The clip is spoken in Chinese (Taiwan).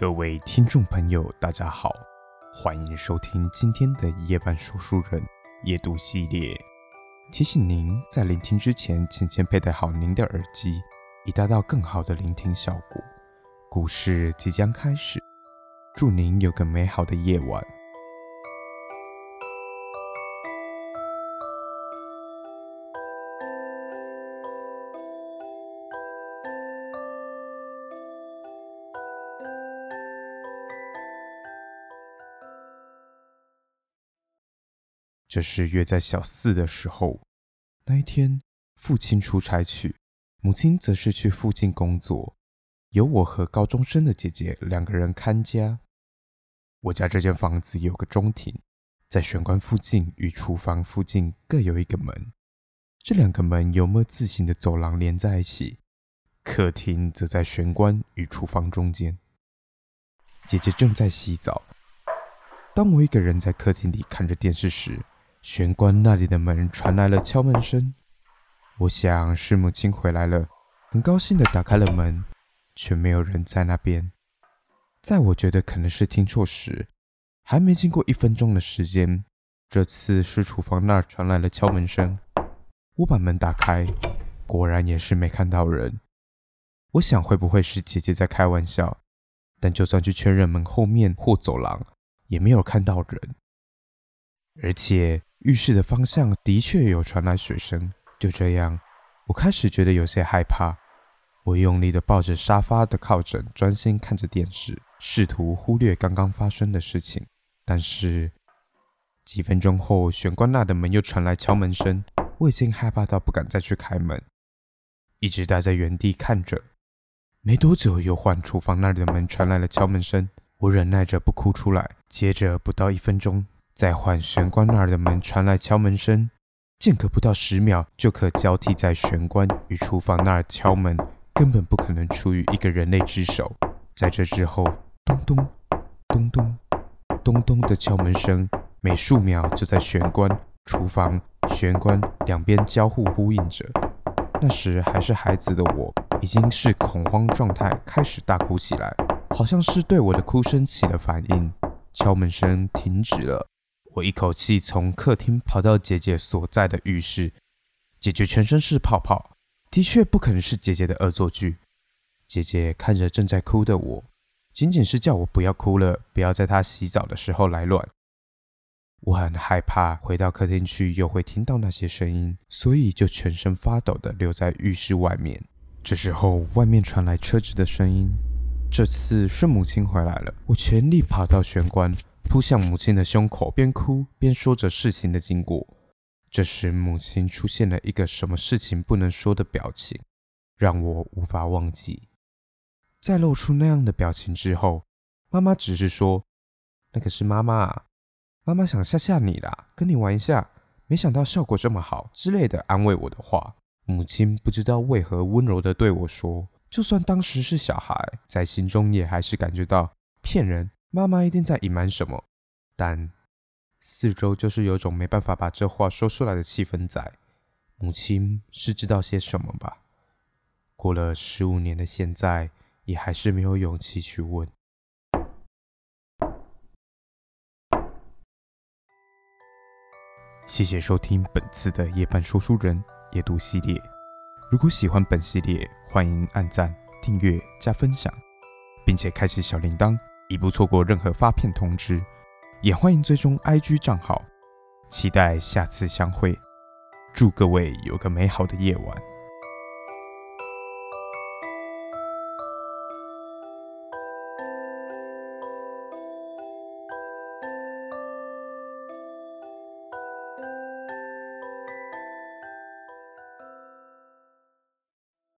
各位聽眾朋友，大家好，歡迎收聽今天的夜半說書人夜讀系列。提醒您在聆聽之前，請先佩戴好您的耳機，以達到更好的聆聽效果。故事即將開始，祝您有個美好的夜晚。這是約在小四的時候。那一天，父親出差去，母親則是去附近工作，由我和高中生的姐姐兩個人看家。我家這間房子有個中庭，在玄關附近與廚房附近各有一個門，這兩個門由 ㄇ 字形的走廊連在一起。客廳則在玄關與廚房中間。姐姐正在洗澡，當我一個人在客廳裡看着電視時，玄關那裡的門傳來了敲門聲，我想是母親回來了，很高興地打開了門，卻沒有人在那邊。在我覺得可能是聽錯時，還沒經過一分鐘的時間，這次是廚房那兒傳來了敲門聲，我把門打開，果然也是沒看到人。我想會不會是姐姐在開玩笑？但就算去確認門後面或走廊，也沒有看到人，而且。浴室的方向的確有傳來水聲，就這樣，我開始覺得有些害怕。我用力的抱着沙發的靠枕，專心看着電視，試圖忽略剛剛發生的事情。但是幾分鐘後，玄關那的門又傳來敲門聲，我已經害怕到不敢再去開門，一直待在原地看着。沒多久，又換廚房那裡的門傳來了敲門聲，我忍耐着不哭出來，接着不到一分鐘。在換玄關那兒的門傳來敲門聲，間隔不到十秒就可交替在玄關與廚房那兒敲門，根本不可能出於一個人類之手。在這之後，咚咚咚咚咚咚的敲門聲，每數秒就在玄關、廚房、玄關兩邊交互呼應着。那時還是孩子的我，已經是恐慌狀態，開始大哭起來。好像是對我的哭聲起了反應，敲門聲停止了。我一口氣從客廳跑到姐姐所在的浴室，姐姐全身是泡泡，的確不可能是姐姐的惡作劇。姐姐看着正在哭的我，僅僅是叫我不要哭了，不要在她洗澡的時候來亂。我很害怕回到客廳去又會聽到那些聲音，所以就全身發抖的留在浴室外面。這時候外面傳來車子的聲音，這次是母親回來了。我全力跑到玄關。撲向母親的胸口，邊哭邊說着事情的經過。這時，母親出現了一個什麼事情不能說的表情，讓我無法忘記。在露出那樣的表情之後，媽媽只是說：“那個是媽媽啊，媽媽想嚇嚇你啦，跟你玩一下，沒想到效果這麼好”之類的安慰我的話。母親不知道為何溫柔地對我說：“就算當時是小孩，在心中也還是感覺到騙人。”媽媽一定在隱瞞什麼，但四周就是有種沒辦法把這話說出來的氣氛在。母親是知道些什麼吧？過了十五年的現在，也還是沒有勇氣去問。謝謝收聽本次的夜半說書人夜讀系列。如果喜歡本系列，歡迎按讚、訂閱、加分享，並且開啟小鈴鐺。已不錯過任何發片通知，也歡迎追蹤 IG 賬號，期待下次相會，祝各位有個美好的夜晚。